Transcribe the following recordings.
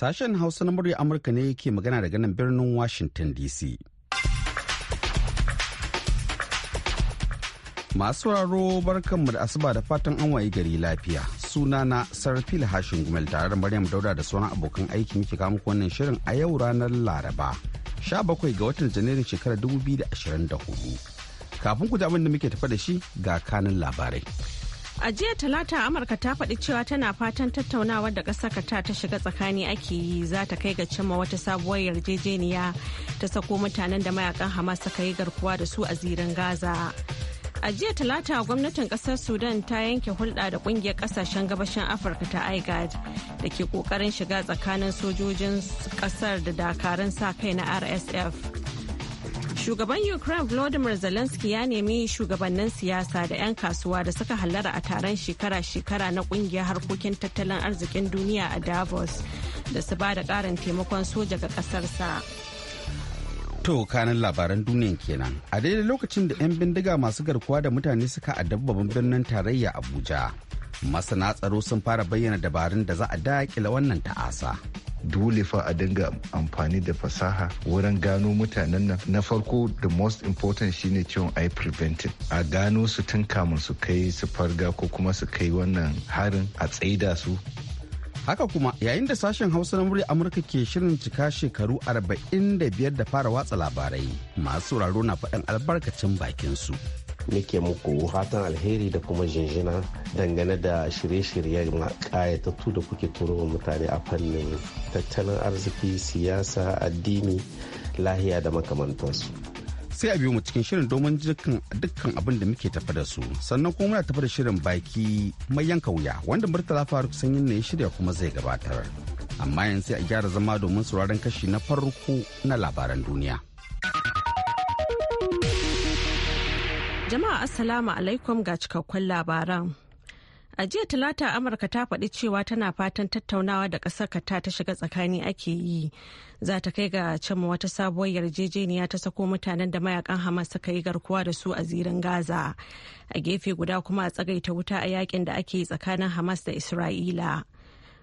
Sashen Hausa na murya Amurka ne yake magana daga nan birnin Washington DC. Masu raro barkanmu da asuba da fatan an wayi gari lafiya. suna na Sarfil Hashin Gumel tare da Maryam Dauda da sauran abokan aiki muke kawo muku wannan shirin a yau ranar Laraba. 17 ga watan Janairun shekarar 2024. Kafin ku ji abin da muke tafa da shi ga kanin labarai. A jiya Talata Amurka ta faɗi cewa tana fatan tattaunawa da ƙasar ta ta shiga tsakani ake yi za ta kai ga cimma wata sabuwar yarjejeniya ta sako mutanen da mayakan Hamas suka yi garkuwa da su a zirin Gaza. A jiya Talata gwamnatin ƙasar Sudan ta yanke hulɗa da ƙungiyar ƙasashen gabashin Afirka ta IGAD da ke ƙoƙarin shiga tsakanin sojojin ƙasar da dakarun sa kai na RSF. Shugaban Ukraine Volodymyr Zelensky ya nemi shugabannin siyasa da 'yan kasuwa da suka hallara a taron shekara-shekara na kungiyar harkokin tattalin arzikin duniya a Davos da su ba da karin taimakon soja ga ƙasarsa. To kanin labaran duniyan kenan. A daidai lokacin da 'yan bindiga masu garkuwa da mutane suka addabba babban birnin tarayya Abuja. masana tsaro sun fara bayyana dabarun da za a daƙila wannan ta'asa dole fa a dinga amfani da fasaha wurin gano mutanen nan na farko the most important shine ciwon ai preventing a gano su tun kamun su kai su farga ko kuma su kai wannan harin a tsaida su haka kuma yayin da sashen hausa na murya amurka ke shirin cika shekaru 45 da fara watsa labarai masu sauraro na faɗin albarkacin bakin su nake muku fatan alheri da kuma jinjina dangane da shirye-shiryen kayatattu da kuke turo wa mutane a fannin tattalin arziki siyasa addini lahiya da makamantansu sai a biyo mu cikin shirin domin dukkan abin da muke tafa da su sannan kuma muna tafa da shirin baki mai yanka wuya wanda murtala faruk sanyin ne ya shirya kuma zai gabatar amma yanzu sai a gyara zama domin sauraron kashi na farko na labaran duniya. Jama'a Assalamu alaikum ga cikakkun labaran. A jiya Talata Amurka ta faɗi cewa tana fatan tattaunawa da ƙasar Katta ta shiga tsakani ake yi. Za ta kai ga cimma wata sabuwar yarjejeniya ta sako mutanen da mayakan Hamas suka yi garkuwa da su a zirin Gaza. A gefe guda kuma a tsagaita wuta a yakin da ake yi tsakanin Hamas da Isra'ila.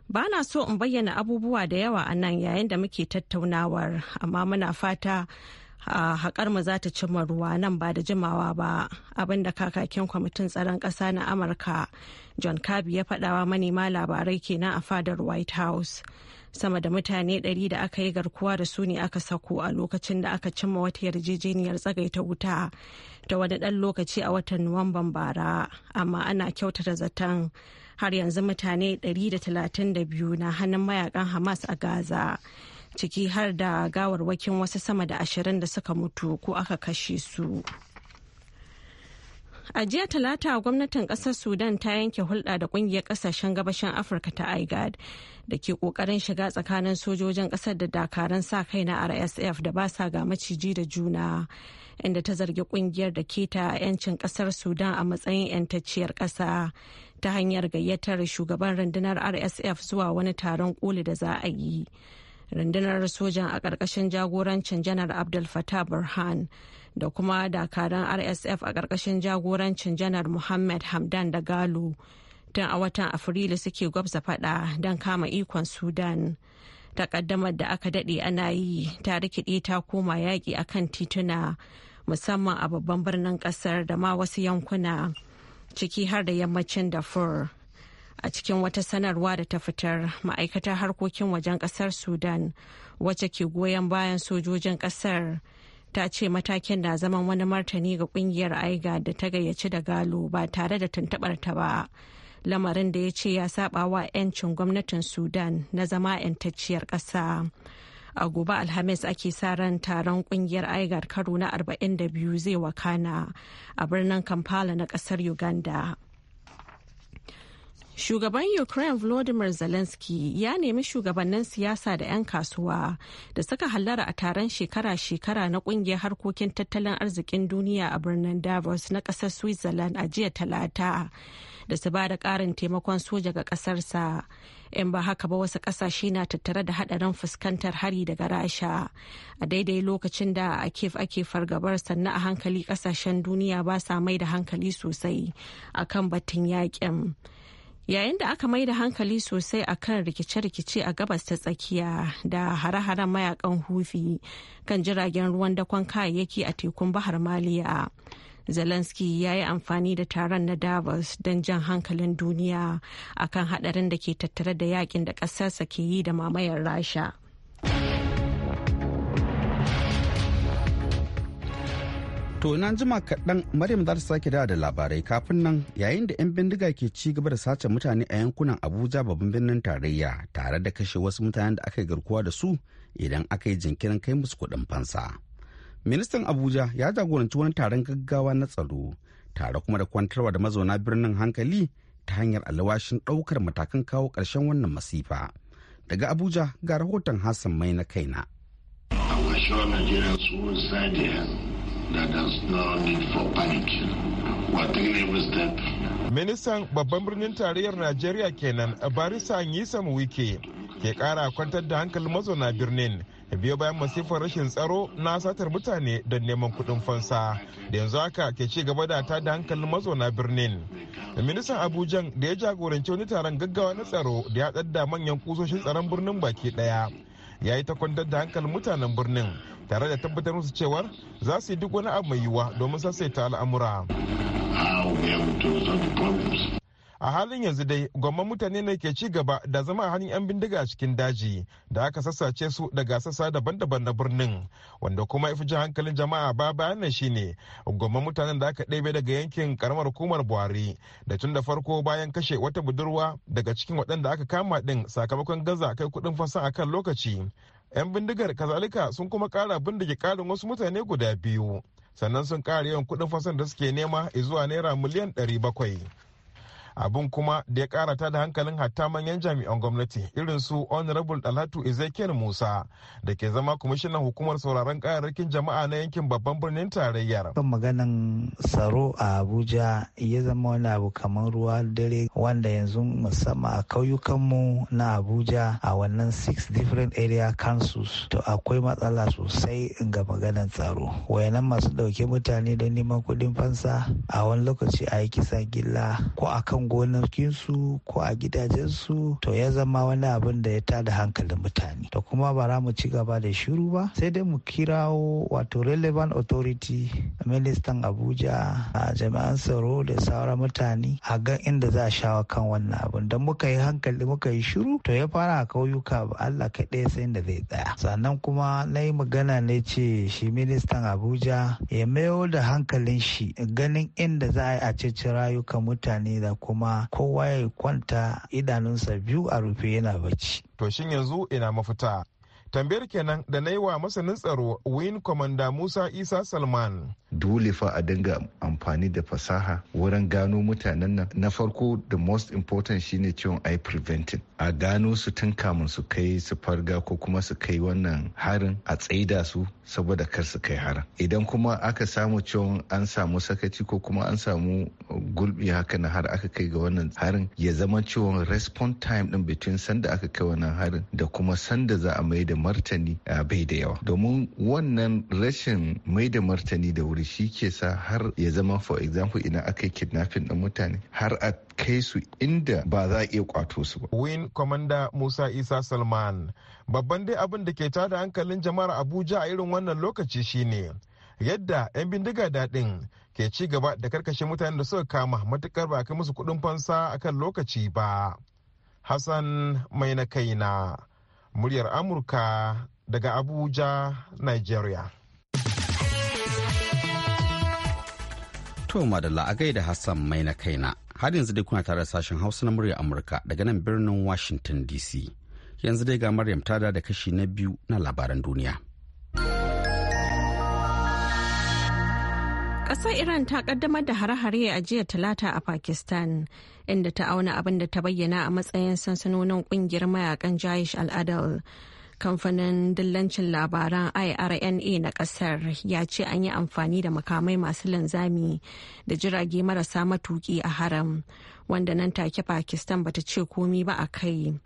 ba na so in bayyana abubuwa da yawa a nan yayin da muke tattaunawar amma muna fata haƙar mu za ta cimma ruwa nan ba da jimawa ba abinda kakakin kwamitin tsaron ƙasa na amurka john kirby ya faɗawa manema labarai kenan a fadar white house sama da mutane 100 da aka yi garkuwa da su ne aka sako a lokacin da aka cimma wata yarjejeniyar tsagaita wuta ta wani ɗan lokaci a watan nuwamban bara amma ana kyautata zaton har yanzu mutane 132 na hannun mayakan hamas a gaza ciki har da gawarwakin wasu sama da ashirin da suka mutu ko aka kashe su. A jiya talata gwamnatin kasar Sudan ta yanke hulɗa da ƙungiyar ƙasashen gabashin Afirka ta IGAD da ke ƙoƙarin shiga tsakanin sojojin ƙasar da dakaran sa kai na RSF da ba sa ga maciji da juna inda ta zargi ƙungiyar da keta 'yancin ƙasar Sudan a matsayin 'yantacciyar ƙasa ta hanyar gayyatar shugaban rundunar RSF zuwa wani taron koli da za a yi. rundunar sojan a ƙarƙashin jagorancin janar abdul fatah burhan da kuma dakaran rsf a ƙarƙashin jagorancin janar muhammad hamdan da galo tun a watan afrilu suke gwabza fada don kama ikon sudan takaddamar da aka daɗe ana yi ta rikide ta koma yaƙi a kan tituna musamman a babban birnin ƙasar da ma wasu yankuna ciki har da yammacin dafur. a cikin wata sanarwa da ta fitar ma'aikatar harkokin wajen kasar sudan wacce ke goyon bayan sojojin kasar ta ce matakin na zaman wani martani ga kungiyar aiga da ta gayyaci da galo ba tare da tuntubar ta ba lamarin da ya ce ya saba wa 'yancin gwamnatin sudan na zama 'yantacciyar ƙasa a gobe alhamis ake sa ran taron kungiyar aigar karo na 42 zai wakana a birnin kampala na ƙasar uganda Shugaban Ukraine Volodymyr Zelensky ya nemi shugabannin siyasa da 'yan kasuwa da suka hallara a taron shekara-shekara na kungiyar harkokin tattalin arzikin duniya a birnin Davos na ƙasar Switzerland a jiya talata da su ba da ƙarin taimakon soja ga ƙasarsa. In ba haka ba wasu ƙasashe na tattare da haɗarin fuskantar hari daga Rasha. A daidai lokacin da a kef ake fargabar sannan a hankali ƙasashen duniya ba sa mai da hankali sosai a kan batun yaƙin. yayin da aka mai da hankali sosai a kan rikice-rikice a gabas ta tsakiya da hare-haren mayakan hufi kan jiragen ruwan dakon kayayyaki a tekun bahar maliya zelensky ya yi amfani da taron na davos don jan hankalin duniya akan hadarin da ke tattare da yakin da kasarsa ke yi da mamayar rasha To nan jima kaɗan Maryam za ta sake da labarai kafin nan yayin da 'yan bindiga ke ci gaba da sace mutane a yankunan Abuja babban birnin tarayya tare da kashe wasu mutanen da aka yi garkuwa da su idan aka yi jinkirin kai musu kuɗin fansa. Ministan Abuja ya jagoranci wani taron gaggawa na tsaro tare kuma da kwantarwa da mazauna birnin hankali ta hanyar alawashin ɗaukar matakan kawo ƙarshen wannan masifa. Daga Abuja ga rahoton Hassan mai na kaina. that there's no need for panic. We're taking every step. Ministan babban birnin tarayyar Najeriya kenan Barisa Nyisam Wike ke kara kwantar da hankalin mazauna birnin biyo bayan masifar rashin tsaro na satar mutane don neman kudin fansa da yanzu haka ke ci gaba da ta da hankalin mazauna birnin ministan abuja da ya jagoranci wani taron gaggawa na tsaro da ya tsada manyan kusoshin tsaron birnin baki daya ya yi ta kwantar da hankalin mutanen birnin tare da tabbatar musu cewar za su yi duk wani abu mai yiwuwa domin sassaita al'amura a halin yanzu dai gwamman mutane ne ke ci gaba da zama a hannun 'yan bindiga a cikin daji da aka sassace su daga sassa daban-daban na birnin wanda kuma ifi jin hankalin jama'a ba bayan nan shine gwamman mutanen da aka ɗebe daga yankin karamar hukumar buhari da tun da farko bayan kashe wata budurwa daga cikin waɗanda aka kama ɗin sakamakon gaza kai kuɗin fasa akan lokaci 'yan bindigar kazalika sun kuma kara bindige karin wasu mutane guda biyu sannan sun kara yawan kudin fasan da suke nema zuwa naira miliyan 700 abin kuma da ya karata da hankalin hatta manyan jami'an gwamnati irin su honorable dalatu ezekiel musa da ke zama kwamishinan hukumar sauraron kayarrakin jama'a na yankin babban birnin tarayyar kan maganan tsaro a abuja ya zama wani abu kamar ruwa dare wanda yanzu musamman a kauyukanmu na abuja a wannan six different area councils to akwai matsala sosai ga maganan tsaro wayanan masu dauke mutane don neman kudin fansa a wani lokaci a yi kisa gilla ko akan gonakinsu ko a gidajensu to ya zama wani abin da ya tada hankalin mutane to kuma ba za mu ci gaba da shiru ba sai dai mu kirawo wato relevant authority ministan abuja a jami'an tsaro da sauran mutane a gan inda za a shawo kan wannan abin don muka yi hankali muka yi shiru to ya fara a kauyuka ba allah kaɗai sai da zai tsaya sannan kuma na yi magana ne ce shi ministan abuja ya mayo da hankalin shi ganin inda za a yi a cece rayukan mutane da kuma kuma kowa ya kwanta idanunsa biyu a rufe yana bacci. To shin yanzu ina mafita? tambayar kenan da na yi wa masanin tsaro win komanda musa isa salman dole fa a dinga amfani da fasaha wurin gano mutanen nan na farko the most important shine ciwon eye preventing a gano su tun kamun su kai su farga ko kuma su kai wannan harin a tsaida su saboda kar su kai harin idan kuma aka samu ciwon an samu sakaci ko kuma an samu gulbi haka na har aka kai ga wannan harin ya zama ciwon respond time din between sanda aka kai wannan harin da kuma sanda za a mai da martani bai da yawa domin wannan rashin mai da martani da wuri shi ke sa har ya zama for example ina aka yi kidnapping ɗin mutane har a kai su inda ba za a iya kwato su ba. Win Commander Musa Isa Salman babban dai abin da ke tada hankalin jama'ar Abuja a irin wannan lokaci shine yadda 'yan bindiga daɗin ke ci gaba da karkashe mutane da suka kama matukar ba kai musu kuɗin fansa akan lokaci ba. Hassan mai na kaina muryar amurka daga abuja nigeria to madalla a gaida hassan mai na kaina har yanzu dai kuna tare da sashen hausa na muryar amurka daga nan birnin washington dc yanzu dai ga maryam tada da kashi na biyu na labaran duniya Ƙasar Iran ta ƙaddamar da hare-hare a jiya talata a Pakistan, inda ta auna abin da ta bayyana a matsayin sansanonin ƙungiyar mayakan Jayish adal Kamfanin dillancin labaran IRNA na ƙasar ya ce an yi amfani da makamai masu linzami da jirage marasa matuƙi a haram, wanda nan take Pakistan bata ce komi ba a kai.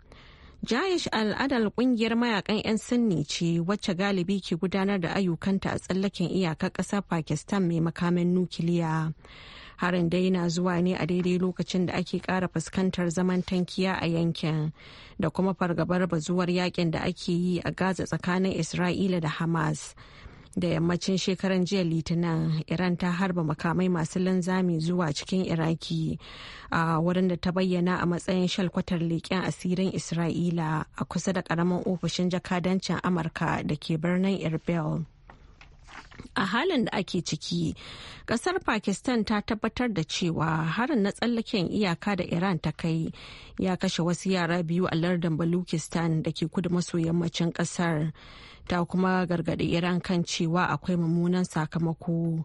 jayish al'adar kungiyar mayakan 'yan sanni ce wacce galibi ke gudanar da ayyukanta a tsallaken iyakar ƙasar pakistan mai makamin nukiliya harin dai na zuwa ne a daidai lokacin da ake ƙara fuskantar zaman tankiya a yankin da kuma fargabar bazuwar yakin da ake yi a gaza tsakanin isra'ila da hamas da yammacin shekaran jiya litinin iran ta harba makamai masu linzami zuwa cikin iraki a wurin da ta bayyana a matsayin shalkwatar leƙen asirin isra'ila a kusa da ƙaramin ofishin jakadancin amurka da ke birnin irbil a halin da ake ciki kasar pakistan ta tabbatar da cewa harin na tsallaken iyaka da iran ta kai ya kashe wasu yara biyu a lardin balukistan da ke kudu maso yammacin kasar ta kuma gargaɗi iran kan cewa akwai mummunan sakamako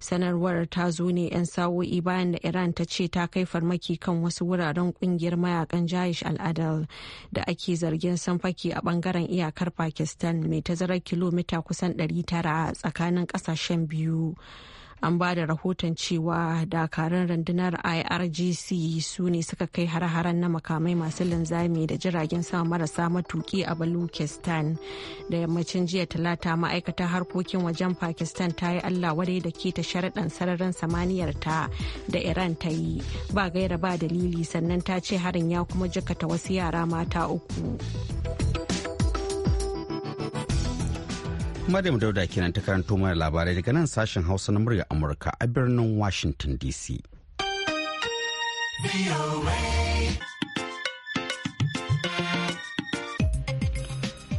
sanarwar ta zo ne 'yan sa'o'i bayan da iran ta ce ta kai farmaki kan wasu wuraren kungiyar mayakan jayish al'adal da ake zargin sanfaki a bangaren iyakar pakistan mai tazarar kilomita kusan 900 tsakanin kasashen biyu an ba da rahoton cewa dakarun rundunar irgc su ne suka kai har-haren na makamai masu linzami da jiragen sama marasa matuki a balukistan da yammacin jiya talata ma'aikatar harkokin wajen pakistan ta yi allah wadai da ke ta sharaɗan sararin samaniyar ta da iran ta yi ba gaira ba dalili sannan ta ce harin ya kuma jikata wasu yara mata uku. Maryam Dauda kenan ta karanto mana labarai daga nan sashen Hausa na murya Amurka a birnin Washington DC.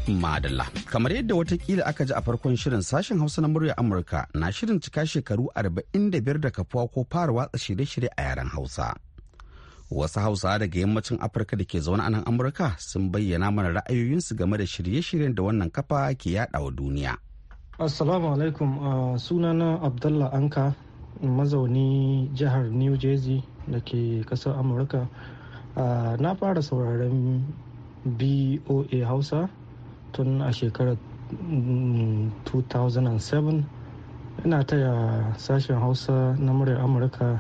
Madalla. Kamar yadda watakila aka ji a farkon shirin sashen Hausa na murya Amurka na shirin cika shekaru 45 da kafuwa ko fara watsa shirye-shirye a yaren Hausa. wasu hausa daga yammacin afirka da ke zaune a nan amurka sun bayyana mana ra'ayoyinsu game da shirye-shiryen da wannan kafa ke yada wa duniya assalamu alaikum sunana abdullah anka mazauni jihar new jersey da ke kasar amurka na fara sauraren boa hausa tun a shekarar 2007 mm, ina taya sashen hausa na muryar amurka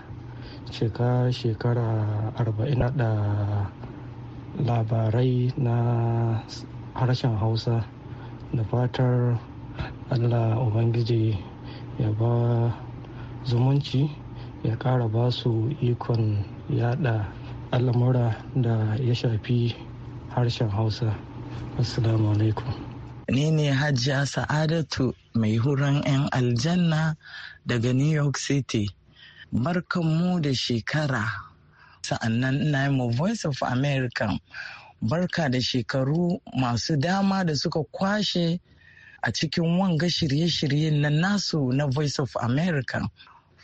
shekara shekara arba'in da labarai na harshen hausa da fatar allah ubangiji ya ba zumunci ya kara ba su ikon yada al'amura da ya shafi harshen hausa assalamu alaikum ni ne hajiya sa'adatu mai huran 'yan aljanna daga new york city mu da shekara sa'annan ina yi voice of america barka da shekaru masu dama da suka kwashe a cikin wanga shirye-shiryen na nasu na voice of america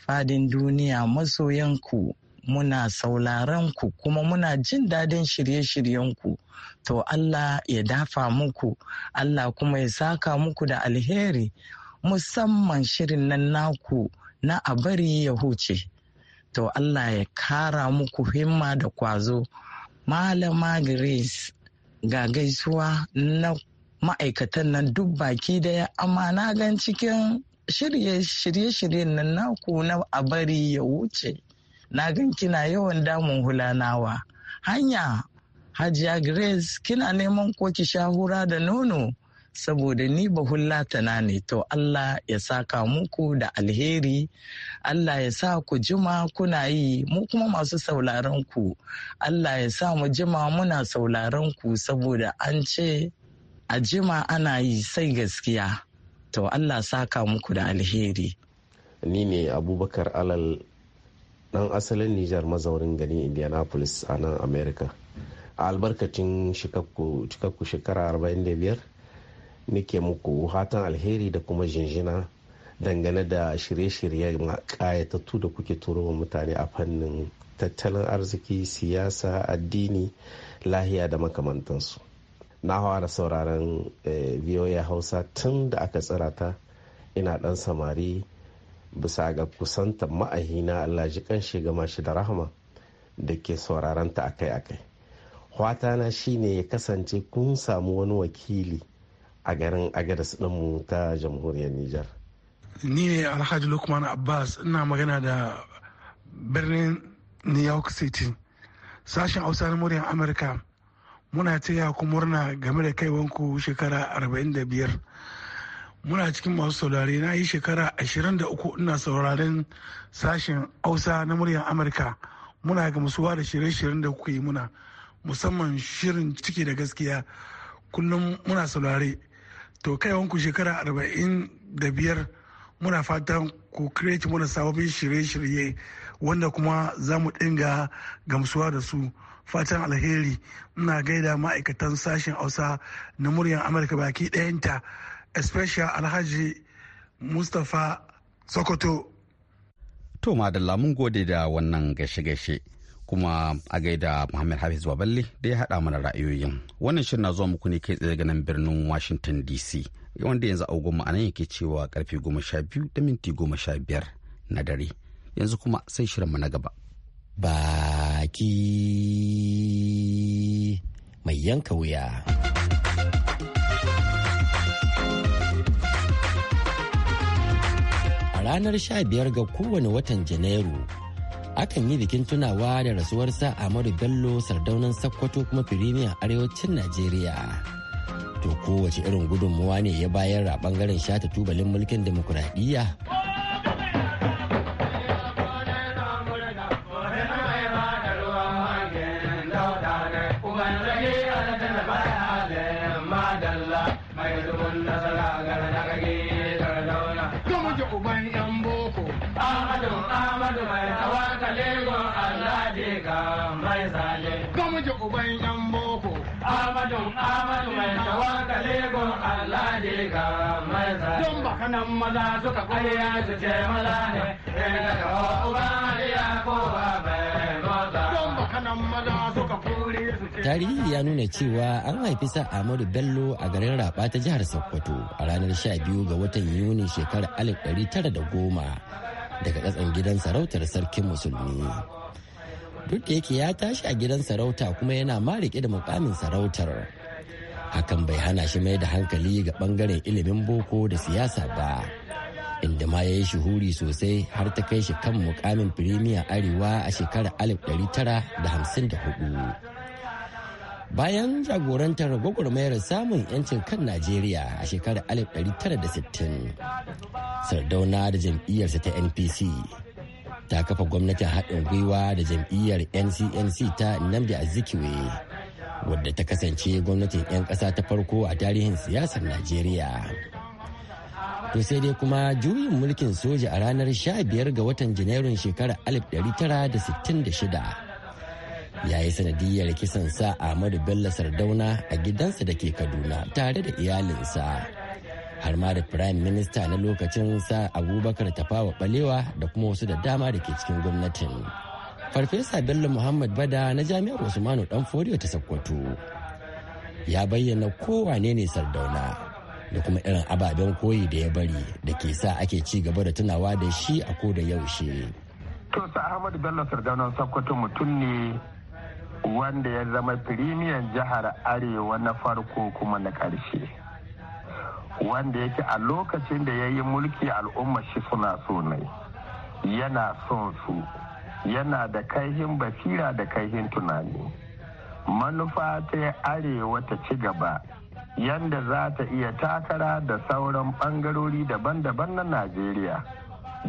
fadin duniya masoyanku muna sauraron ku kuma muna jin daɗin shirye-shiryenku to allah ya dafa muku allah kuma ya saka muku da alheri musamman shirin nan naku na a bari ya huce to allah ya kara muku himma da kwazo malama grace ga gaisuwa na ma'aikatan nan duk baki daya amma na gan cikin shirye-shiryen nan naku na a bari ya wuce na gan kina yawan damun hulanawa hanya hajiya grace kina neman ko ki sha hura da nono saboda ni bahullatana ne to Allah ya saka muku da alheri Allah ya sa ku jima kuna yi mu kuma masu sauraron ku Allah ya sa mu jima muna sauraron ku saboda an ce a jima ana yi sai gaskiya to Allah saka muku da alheri ni ne abubakar alal dan asalin Nijar mazaurin garin Indianapolis a nan America a albarkacin cikakku shekara 45 nake muku hatan alheri da kuma jinjina dangane da shirye-shirye ƙayatattu da kuke turo wa mutane a fannin tattalin arziki siyasa addini lahiya da makamantansu na da sauraron eh, voa hausa tun da aka tsira ta ina dan samari bisa ga kusantar ma'ahina allah ji kan shiga shi da rahama da ke sauraron ta akai-akai na shine ya kasance kun samu wani wakili a garin agadas mu ta jamhuriyar Nijar. Ni ne Alhaji Lukman Abbas ina magana da birnin New York City. Sashen Hausa na muryar Amurka muna taya ku murna game da kaiwanku shekara 45. Muna cikin masu saurare na yi shekara 23 ina sauraren sashen Hausa na muryar Amurka. Muna gamsuwa da shirye-shiryen da kuka yi muna musamman shirin ciki da gaskiya kullum muna saurare. to wanku shekara arba'in da biyar muna fatan ku kireci mana sababbin shirye-shirye wanda kuma za mu dinga gamsuwa da su fatan alheri muna gaida ma'aikatan sashen hausa na muryar amurka baki ɗayanta especially alhaji mustapha sokoto to madalla mun gode da wannan gashe-gashe kuma a gaida Muhammad Hafiz Baballe da ya haɗa mana ra'ayoyin. Wannan shirin na zuwa muku ne kai tsaye ga nan birnin Washington DC. Wanda yanzu a a nan yake cewa karfe goma sha biyu da minti goma sha biyar na dare. Yanzu kuma sai shirin mu na gaba. Baki mai yanka wuya. A ranar sha biyar ga kowane watan Janairu akan yi bikin tunawa da rasuwarsa Ahmadu Bello sardaunan Sakkwato kuma firimiya arewacin Najeriya. To kowace irin gudunmuwa ne ya bayar a bangaren shata tubalin mulkin demokuraɗiyya. Ahmadu Ahmadu mai tawakkale gun Allah ne ga mai zai. Don baka nan maza suka kwaya su ce maza ne, in da ka uba ya kowa mai maza. Don baka nan maza suka kuri su ce. Tarihi ya nuna cewa an haifi sa Ahmadu Bello a garin Raba ta jihar Sokoto a ranar 12 ga watan Yuni shekarar 1910 daga katsan gidan sarautar sarkin musulmi. duk da yake ya tashi a gidan sarauta kuma yana ma rike da mukamin sarautar hakan bai hana shi mai da hankali ga bangaren ilimin boko da siyasa ba inda ma ya yi shuhuri sosai har ta kai shi kan mukamin firimiya arewa a shekarar 1954 bayan jagorantar gwagwarmayar samun yancin kan najeriya a shekarar 1960 sardauna da jam'iyyarsa ta npc ta kafa gwamnatin haɗin gwiwa da jam'iyyar ncnc ta nnamdi azikiwe wadda ta kasance gwamnatin 'yan ƙasa ta farko a tarihin siyasar najeriya to sai dai kuma juyin mulkin soja a ranar 15 ga watan janairun shekarar 1966 ya yi sanadiyar kisan sa Ahmadu Bello Sardauna a gidansa da ke Kaduna tare da iyalinsa. har ma da Prime minista na lokacin sa abubakar tafawa balewa da kuma wasu da dama da ke cikin gwamnatin farfesa bello muhammad bada na jami'ar usmanu dan foriyo ta sokoto ya bayyana kowane ne sardauna da kuma irin ababen koyi da ya bari da ke sa ake ci gaba da tunawa da shi a ko da yaushe to sa ahmad bello sardauna sokoto mutum ne wanda ya zama firimiyan jihar arewa na farko kuma na karshe. wanda yake a lokacin da ya yi mulki al'umma shi suna so ne yana son su yana da kaihin basira da kaihin tunani manufa ta arewa ta ci gaba yanda za ta iya takara da sauran bangarori daban-daban na najeriya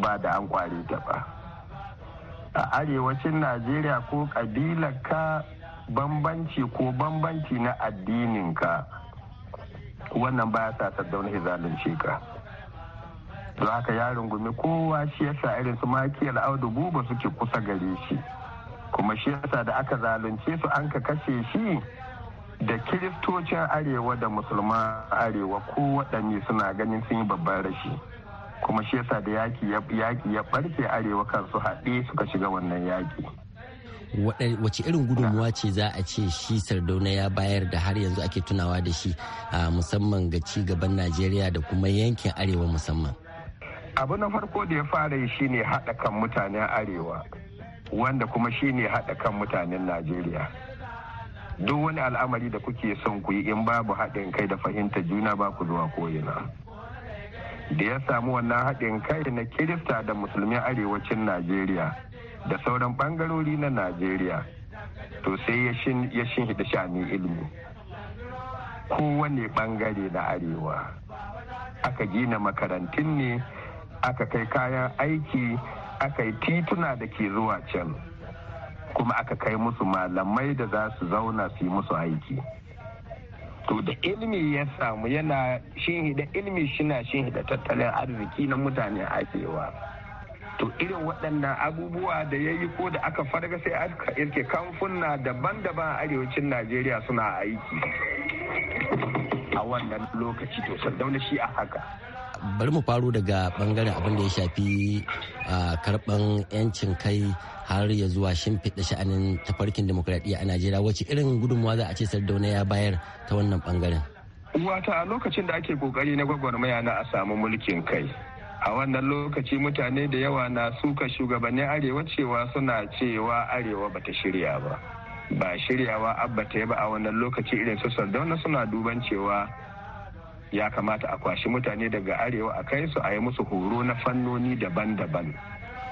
ba da an kwari ta ba a arewacin najeriya ko ka bambanci ko bambanci na addininka wannan baya sa sardauna shi zalunce ka don haka ya rungumi kowa shi ya sa irin su makiyar audu buba suke kusa gare shi kuma shi ya sa da aka zalunce su an ka kashe shi da kiristocin arewa da musulman arewa ko waɗanne suna ganin sun yi babban rashi kuma shi ya sa da yaƙi ya ɓarke arewa kan su haɗe suka shiga wannan yaƙi. wace irin gudunmuwa ce za a ce shi sardauna ya bayar da har yanzu ake tunawa da shi a musamman ga ci gaban najeriya da kuma yankin arewa musamman abu na farko da ya fara yi shine haɗa kan mutanen arewa wanda kuma shine haɗa kan mutanen najeriya duk wani al'amari da kuke son ku yi in babu haɗin kai da fahimta juna ba ku zuwa koyina da ya samu wannan haɗin kai na kirista da musulmin arewacin najeriya da sauran bangarori na najeriya to sai ya da shani ilimi kowane bangare na arewa aka gina makarantun ne aka kai kayan aiki aka yi tituna da ke zuwa can kuma aka kai musu malamai da za su zauna su yi musu aiki to da ilimi ya samu yana da ilimi shina da tattalin arziki na mutane arewa. to irin waɗannan abubuwa da ya yi ko da aka farga sai aka irke kamfuna daban-daban a arewacin najeriya suna aiki a wannan lokaci to sandauna shi a haka bari mu faru daga bangaren abin da ya shafi karban yancin kai har ya zuwa shimfiɗa sha'anin tafarkin demokradiyya a najeriya wacce irin gudunmawa za a ce sardauna ya bayar ta wannan bangaren wata a lokacin da ake kokari na gwagwarmaya na a samu mulkin kai a wannan lokaci mutane da yawa na suka shugabannin arewa cewa suna cewa arewa bata shirya ba ba shiryawa abba ta ba a wannan lokaci irin su sardauna suna duban cewa ya kamata a kwashi mutane daga arewa a kai su a yi musu horo na fannoni daban-daban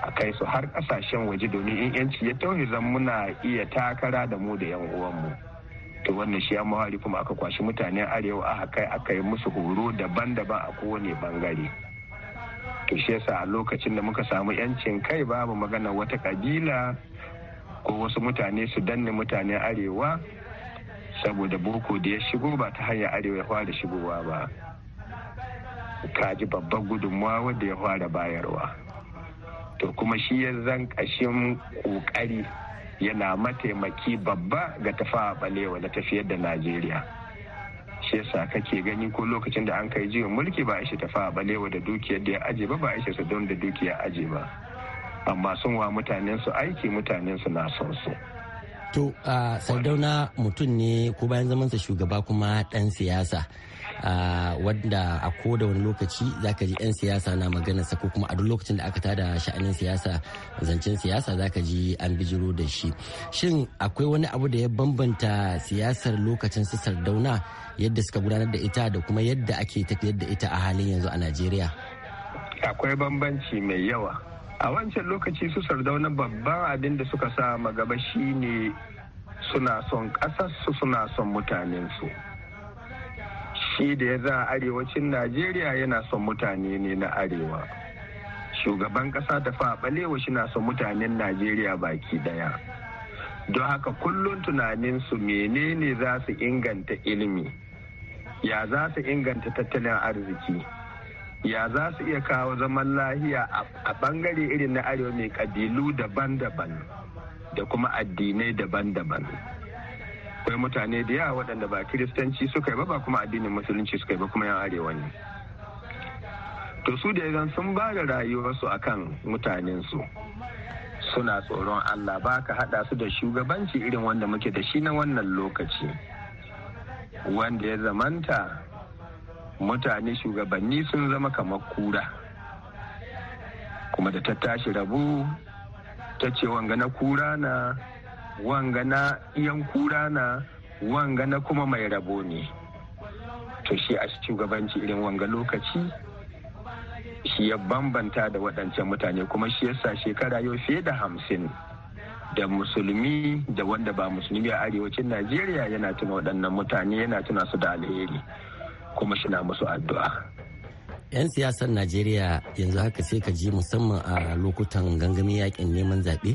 a kai su har kasashen waje domin in yanci ya tauhi zan muna iya takara da mu da yan uwanmu to wannan shi ya kuma aka kwashi mutane arewa a kai aka yi musu horo daban-daban a kowane bangare to shi yasa a lokacin da muka samu yancin kai babu magana wata kabila ko wasu mutane su danne mutane arewa saboda boko da ya shigo ba ta hanyar arewa ya fara shigowa ba kaji babbar gudunmawa wadda ya fara bayarwa to kuma shi ya zan kashin ƙoƙari yana mataimaki babba ga tafawa balewa na tafiyar da najeriya shi yasa kake gani ko lokacin da an kai jiwon mulki ba aisha tafa a balewa da dukiyar da ya aje ba ba aisha su don da dukiya aje ba amma sun wa mutanen su aiki mutanen su na son su to a sardauna mutum ne ko bayan zaman sa shugaba kuma dan siyasa wanda a koda wani lokaci za ka ji 'yan siyasa na magana sa ko kuma a duk lokacin da aka tada sha'anin siyasa zancen siyasa za ka ji an bijiro da shi shin akwai wani abu da ya bambanta siyasar lokacin su sardauna yadda suka gudanar da ita da kuma yadda ake tafiyar da ita a halin yanzu a najeriya akwai bambanci mai yawa a wancan lokaci su sardauna babban abin da suka sa magaba shine suna son ƙasarsu suna son mutanensu shi da ya za arewacin najeriya yana son mutane ne na arewa shugaban kasa da fa balewa shi na son mutanen najeriya baki daya don haka kullum tunaninsu menene za su inganta ilimi ya za su inganta tattalin arziki ya za su iya kawo zaman lahiya a bangare irin na arewa mai kabilu daban-daban da kuma addinai daban-daban akwai mutane da yawa waɗanda ba kiristanci suka yi ba ba kuma addinin musulunci suka yi ba kuma yan arewa ne to su da idan sun ba da rayuwarsu akan mutanensu suna tsoron allah ba ka haɗa su da shugabanci irin wanda muke da shi na wannan lokaci wanda ya zamanta mutane shugabanni sun zama kamar kura kuma da ta tashi rabu ta ce wanga na kura na wanga na iyan kura na wanga na kuma mai rabo ne to shi a shugabanci irin wanga lokaci shi ya bambanta da waɗancan mutane kuma shi yasa shekara yau fiye da hamsin da musulmi da wanda ba musulmi a arewacin najeriya yana tuna waɗannan mutane yana tuna su da alheri kuma shi na musu addu'a 'yan siyasar najeriya yanzu haka sai ka ji musamman a lokutan gangamin yakin neman zaɓe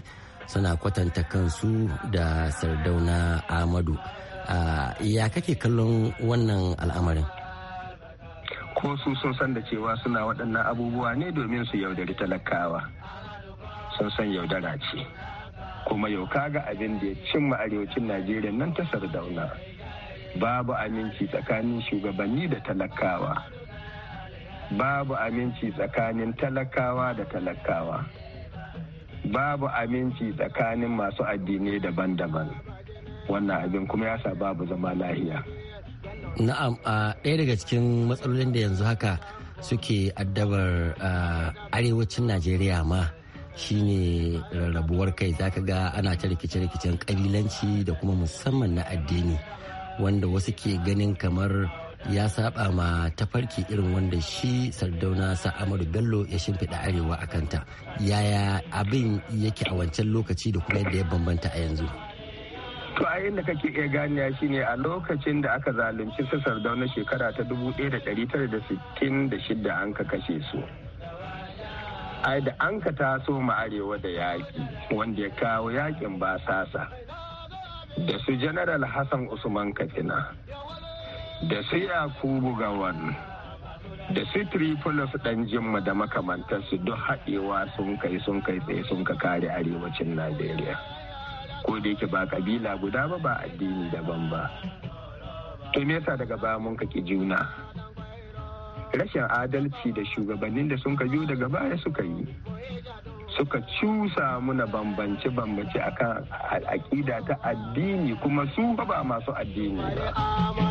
suna kwatanta kansu da sardauna amadu ya kake kallon wannan al'amarin ko su sun san da cewa suna waɗannan abubuwa ne domin su yaudari talakawa sun san yaudara ce kuma yau kaga abin da ya cimma arewacin najeriya nan ta sardauna babu aminci tsakanin shugabanni da talakawa babu aminci tsakanin talakawa da talakawa babu aminci tsakanin masu addini daban-daban wannan abin kuma ya sa babu zama lahiya na'am a ɗaya daga cikin matsalolin da yanzu haka suke addabar arewacin najeriya ma shine rarrabuwar kai zaka ga ana ta rikice-rikicen kabilanci da kuma musamman na addini wanda wasu ke ganin kamar ya saba ma tafarki irin wanda shi sardauna amadu bello ya shimfiɗa arewa a kanta yaya abin yake a wancan lokaci da kuma yadda ya bambanta a yanzu to a yadda kake iya ganiya shine a lokacin da aka zalunci su sardauna shekara ta 1966 an ka kashe su ai da an ka taso ma arewa da yaƙi wanda ya kawo yaƙin basasa da su general hassan usman katsina da su yakubu gawan da su tripolis dan jimma da makamantarsu duk haɗewa sun kai sun kai tsaye sun ka kare arewacin najeriya ko da yake ba kabila guda ba ba addini daban ba to me yasa daga baya mun kaki juna rashin adalci da shugabannin da sun ka biyo daga baya suka yi suka cusa muna bambance-bambance akan aƙida ta addini kuma su ba masu addini ba.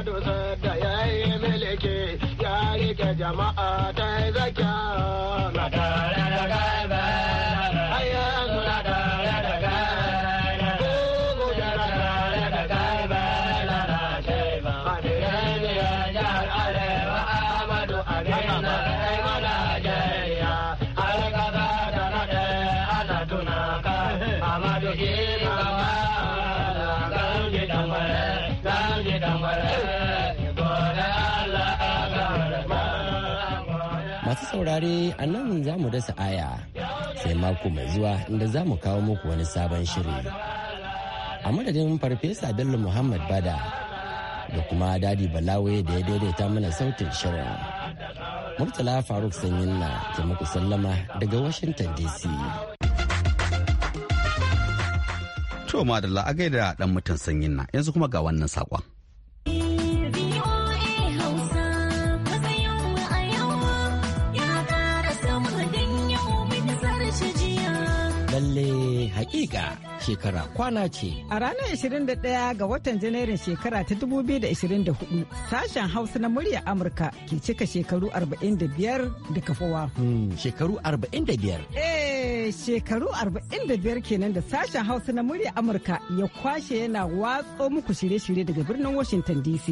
jama'a ta zaka masu saurare a nan za mu dasa aya sai mako mai zuwa inda za mu kawo muku wani sabon shiri. A madadin Farfesa Bello Muhammad Bada da kuma Dadi Balawe da ya daidaita mana sautin shirin. Murtala Faruk Sanyin na ke muku sallama daga Washington DC. To madalla a gaida dan mutum sanyin na yanzu kuma ga wannan sakon shekara kwana ce. A ranar 21 ga watan Janairun shekara ta 2024 sashen Hausa na murya Amurka ke cika shekaru 45 da kafawa. Hmm, shekaru 45? Eh shekaru 45 kenan da sashen Hausa na murya Amurka ya kwashe yana watso muku shirye-shirye daga birnin Washington DC.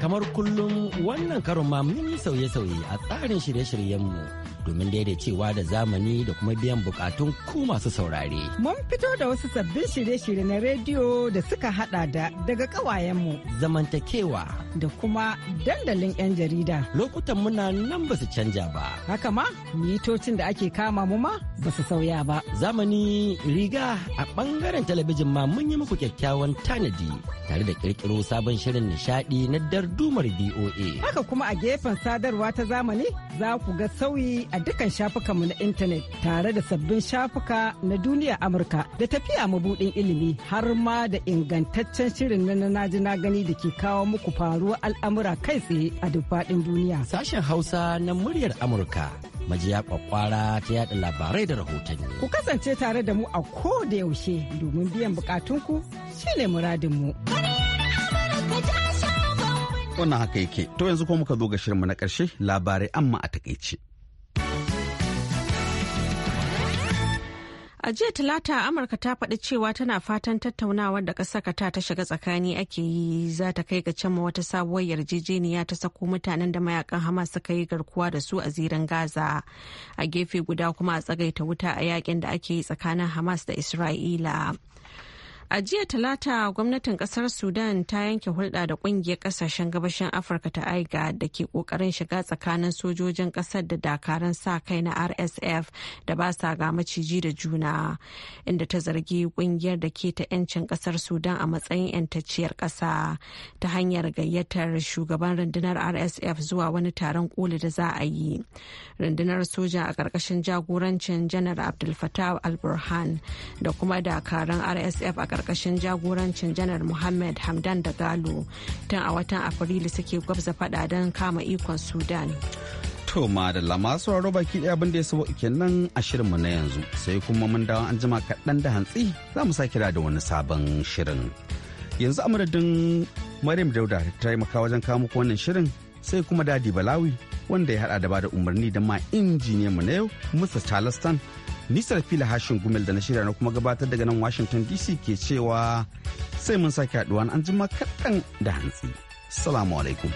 kamar kullum wannan karon ma mun sauye-sauye a tsarin shirye-shiryenmu domin daidaicewa da zamani da kuma biyan bukatun ku masu saurare. Mun fito da wasu sabbin shirye-shirye na rediyo da suka hada da daga kawayenmu. Zamantakewa. Da kuma dandalin 'yan jarida. Lokutan muna nan ba su canja ba. Haka ma, mitocin da ake kama mu ma ba su sauya ba. Zamani riga a bangaren talabijin ma mun yi muku kyakkyawan tanadi tare da kirkiro sabon shirin nishadi na dardumar BOA. Haka kuma a gefen sadarwa ta zamani za ku ga sauyi a dukkan shafukanmu na intanet tare da sabbin shafuka na duniya Amurka da tafiya mabuɗin ilimi har ma da ingantaccen shirin na naji na gani da ke kawo muku faruwa al'amura kai tsaye a duk faɗin duniya. Sashen Hausa na muryar Amurka. Majiya kwakwara ta yada labarai da rahotanni. Ku kasance tare da mu a ko da yaushe domin biyan bukatunku shine muradinmu. Wannan haka yake, to yanzu ko muka zo ga shirinmu na ƙarshe labarai amma a takaice. A jiya Talata Amurka ta faɗi cewa tana fatan tattaunawar da ƙasar ta ta shiga tsakani ake yi za ta kai ga cimma wata sabuwar yarjejeniya ta sako mutanen da mayakan Hamas suka yi garkuwa da su a ziran Gaza. A gefe guda kuma a tsagaita wuta a yakin da ake yi tsakanin Hamas da Isra'ila. A jiya Talata gwamnatin kasar Sudan ta yanke hulɗa da ƙungiyar ƙasashen gabashin Afirka ta aiga da ke ƙoƙarin shiga tsakanin sojojin ƙasar da dakarun sa kai na RSF da ba sa ga maciji da juna, inda ta zargi ƙungiyar da ke ta 'yancin ƙasar Sudan a matsayin 'yantacciyar ƙasa ta hanyar gayyatar shugaban rundunar RSF zuwa wani taron koli da za a yi. Rundunar soja a ƙarƙashin jagorancin Janar Abdul Fattah al da kuma dakarun RSF a karkashin jagorancin janar Muhammad Hamdan da Galo tun a watan Afrilu suke gwabza fada don kama ikon Sudan. To ma da lama sauraro baki daya abin da ya sabo kenan a shirinmu na yanzu sai kuma mun dawo an jima kaɗan da hantsi za mu sake da wani sabon shirin. Yanzu a madadin Maryam Dauda ta taimaka wajen kawo muku wannan shirin sai kuma Dadi Balawi wanda ya hada da bada umarni da ma injiniyan mu na yau Musa Charleston nisar fila hashin gumel da na shirya na kuma gabatar daga nan washington dc ke cewa sai mun sake haduwa an jima kaɗan da hantsi salamu alaikum